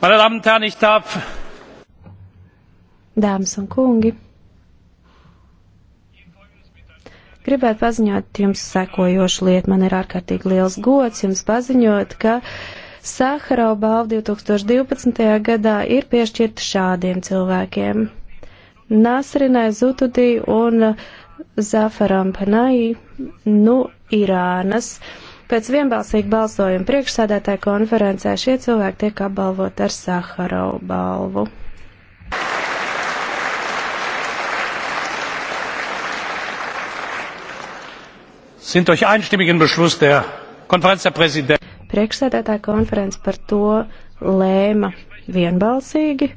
Meine Damen und Herren, ich darf. Dāmas un kungi, gribētu paziņot jums sekojošu lietu. Man ir ārkārtīgi liels gods jums paziņot, ka Saharau balva 2012. gadā ir piešķirta šādiem cilvēkiem - Nasrinai Zutudī un Zafaram Panai no nu, Irānas. Uh, Pēc vienbalsīga balsojuma priekšsēdētāja konferencē šie cilvēki tiek apbalvot ar Saharovu balvu. Sind durch einstimmigen Beschluss der Konferenz der Präsidenten. Priekšsēdētāja konference par to lēma vienbalsīgi.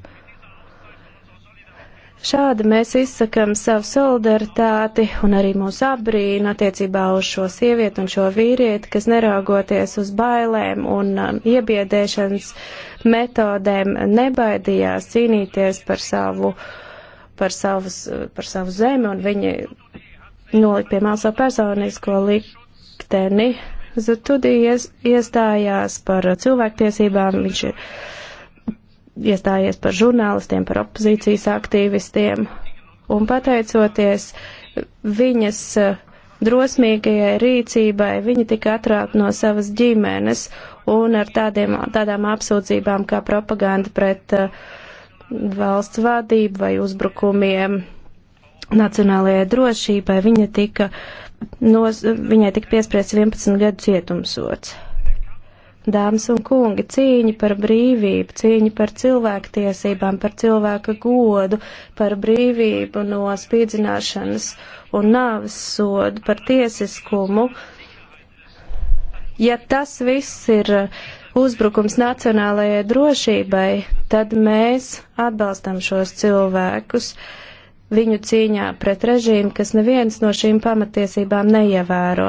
Šādi mēs izsakam savu solidaritāti un arī mūsu apbrīnu attiecībā uz šo sievieti un šo vīrieti, kas neraugoties uz bailēm un um, iebiedēšanas metodēm nebaidījās cīnīties par savu, par savus, par savu zemi un viņi nolika pie māsā personisko likteni. Zutudī ies, iestājās par cilvēktiesībām, viņš ir iestājies par žurnālistiem, par opozīcijas aktīvistiem, un pateicoties viņas eh, drosmīgajai rīcībai, viņa tika atrākt no savas ģimenes un ar tādiem, tādām apsūdzībām kā propaganda pret eh, valsts vadību vai uzbrukumiem nacionālajai drošībai, viņa tika, nos, viņai tika piespriests 11 gadu cietumsots. Dāmas un kungi, cīņa par brīvību, cīņa par cilvēktiesībām, par cilvēka godu, par brīvību no spīdzināšanas un nāves sodu, par tiesiskumu. Ja tas viss ir uzbrukums nacionālajai drošībai, tad mēs atbalstam šos cilvēkus. Uh, viņu cīņā pret režīmu, kas neviens no šīm pamatiesībām neievēro.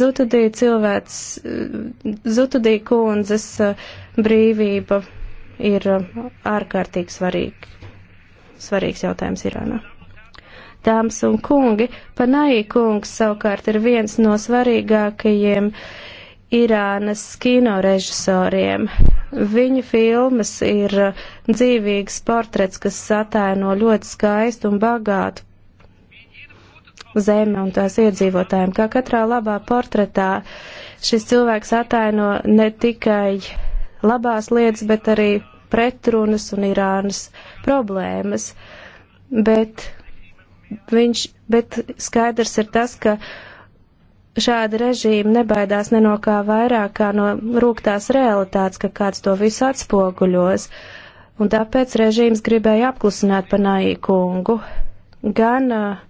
Zutudīja cilvēks, zutudīja kundzes eh, brīvība ir eh, ārkārtīgi svarīga. Svarīgs jautājums Irānā. Dāmas un kungi, Panai kungs savukārt ir viens no svarīgākajiem uh, Irānas kino režisoriem. Viņu filmas ir dzīvīgs portrets, kas satēno ļoti skaistu un bagātu zemi un tās iedzīvotājiem. Kā katrā labā portretā šis cilvēks ataino ne tikai labās lietas, bet arī pretrunas un Irānas problēmas. Bet, viņš, bet skaidrs ir tas, ka uh, šāda režīma nebaidās ne no kā vairāk kā no rūktās realitātes, ka kāds to visu atspoguļos. Un tāpēc režīms gribēja apklusināt panāju kungu. Gan uh,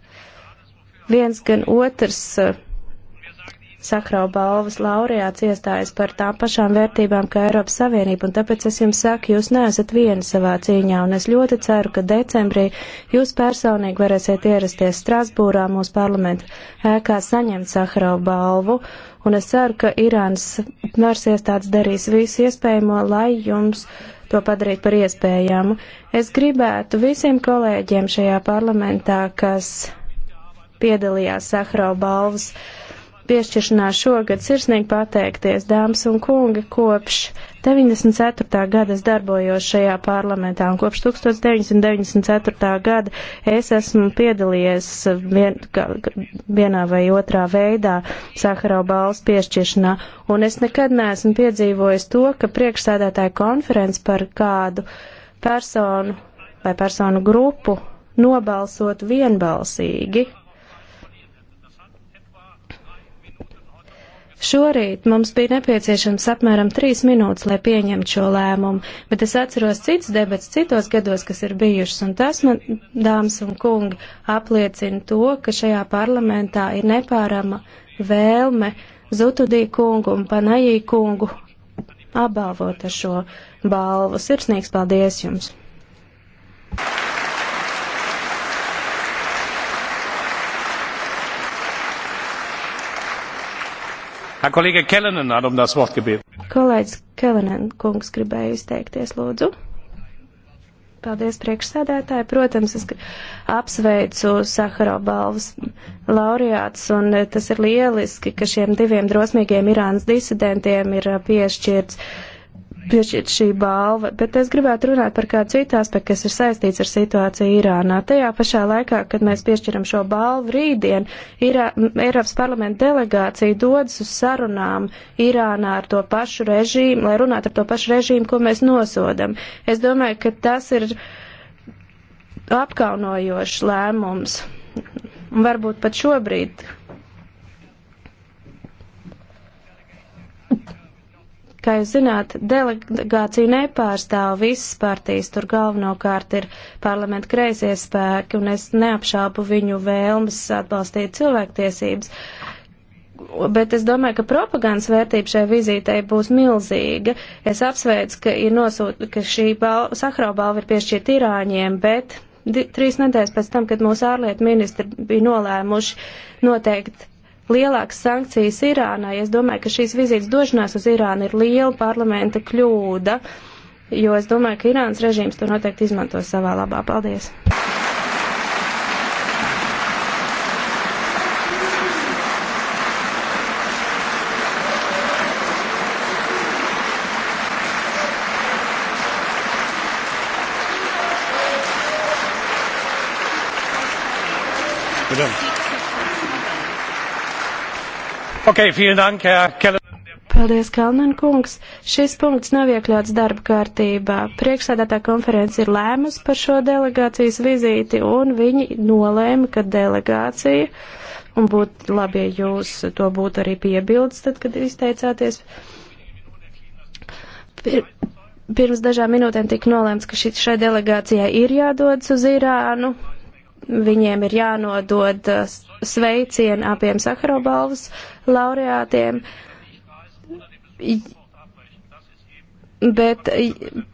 viens, gan otrs uh, Sakrau balvas laureāts iestājas par tām pašām vērtībām kā Eiropas Savienība, un tāpēc es jums saku, jūs neesat vieni savā cīņā, un es ļoti ceru, ka decembrī jūs personīgi varēsiet ierasties Strasbūrā mūsu parlamenta ēkā saņemt Sakrau balvu, un es ceru, ka Irānas varas iestādes darīs visu iespējamo, lai jums to padarīt par iespējamu. Es gribētu visiem kolēģiem šajā parlamentā, kas piedalījās Sahrau balvas piešķiršanā šogad sirsnīgi pateikties, dāmas un kungi, kopš 94. gada es darbojos šajā parlamentā, un kopš 1994. gada es esmu piedalījies vien, vienā vai otrā veidā Saharau balvas piešķiršanā, un es nekad neesmu piedzīvojis to, ka priekšsēdētāja konferences par kādu personu vai personu grupu nobalsot vienbalsīgi Šorīt mums bija nepieciešams apmēram trīs minūtes, lai pieņemtu šo lēmumu, bet es atceros cits debats citos gados, kas ir bijušas, un tas man, dāmas un kungi, apliecina to, ka šajā parlamentā ir nepārama vēlme Zutudī kungu un Panajī kungu apbalvot ar šo balvu. Sirsnīgs paldies jums! Herr Kollege Kellenen hat um das Wort gebeten. Kolēģis Kellenen kungs gribēja izteikties, lūdzu. Paldies priekšsēdētāji. Protams, es apsveicu Sahara balvas laureāts, un tas ir lieliski, ka šiem diviem drosmīgiem Irānas disidentiem ir piešķirts uh, piešķirt šī balva, bet es gribētu runāt par kādu citu aspektu, kas ir saistīts ar situāciju Irānā. Tajā pašā laikā, kad mēs piešķiram šo balvu rītdien, Irā, Eiropas parlamenta delegācija dodas uz sarunām Irānā ar to pašu režīmu, lai runātu ar to pašu režīmu, ko mēs nosodam. Es domāju, ka tas ir apkaunojošs lēmums. Un varbūt pat šobrīd Kā jūs zināt, delegāciju nepārstāv visas partijas, tur galvenokārt ir parlamenta kreisie spēki, un es neapšāpu viņu vēlmes atbalstīt cilvēktiesības. Bet es domāju, ka propagandas vērtība šai vizītei būs milzīga. Es apsveicu, ka, ir nosūt, ka šī bal Sahara balva ir piešķirta Irāņiem, bet di, trīs nedēļas pēc tam, kad mūsu ārlietu ministri bija nolēmuši noteikt lielākas sankcijas Irānai. Es domāju, ka šīs vizītes došanās uz Irānu ir liela parlamenta kļūda, jo es domāju, ka Irānas režīms to noteikti izmantos savā labā. Paldies! Madame. Okay, dank, Paldies, Kalnan kungs. Šis punkts nav iekļauts darba kārtībā. Priekšsēdētā konference ir lēmusi par šo delegācijas vizīti, un viņi nolēma, ka delegācija, un būtu labi, ja jūs to būtu arī piebildes, tad, kad izteicāties. Pir pirms dažām minūtēm tika nolēmts, ka šī, šai delegācijai ir jādodas uz Irānu, viņiem ir jānodod uh, sveicieni abiem Sakarobalvas laureātiem. Bet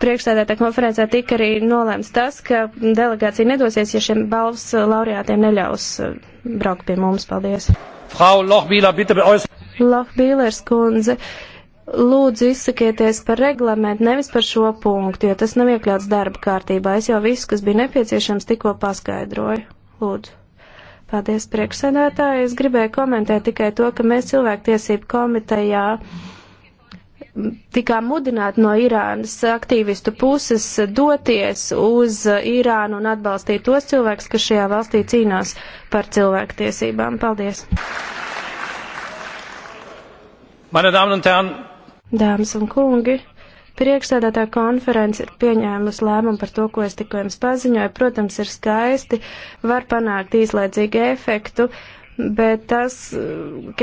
priekšstādētā konferencē tika arī nolēmts tas, ka delegācija nedosies, ja šiem balvas laureātiem neļaus uh, braukt pie mums. Paldies! Frau Lohbīlers kundze, uh, Lūdzu, izsakieties par reglamentu, nevis par šo punktu, jo tas nav iekļauts darba kārtībā. Es jau visu, kas bija nepieciešams, tikko paskaidroju. Lūdzu. Paldies, priekšsēdētāji. Es gribēju komentēt tikai to, ka mēs cilvēktiesību komitejā tikām mudināti no Irānas aktīvistu puses doties uz Irānu un atbalstīt tos cilvēkus, kas šajā valstī cīnās par cilvēktiesībām. Paldies! Meine Damen und Herren, Dāmas un kungi, priekšsēdētā konference ir pieņēmusi lēmumu par to, ko es tikko jums paziņoju. Protams, ir skaisti, var panākt īslaidzīgu efektu, bet tas,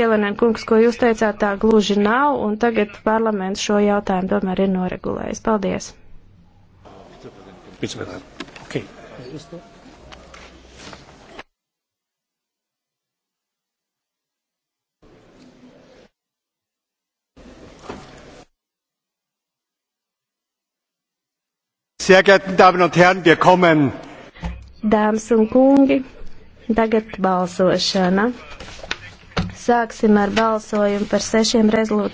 Kelenēn kungs, ko jūs teicāt, tā gluži nav, un tagad parlaments šo jautājumu tomēr ir noregulējis. Paldies! Okay. Sehr geehrten Damen und Herren, wir kommen. Dāmas un kungi, tagad balsošana. Sāksim ar balsojumu par sešiem rezolūcijiem.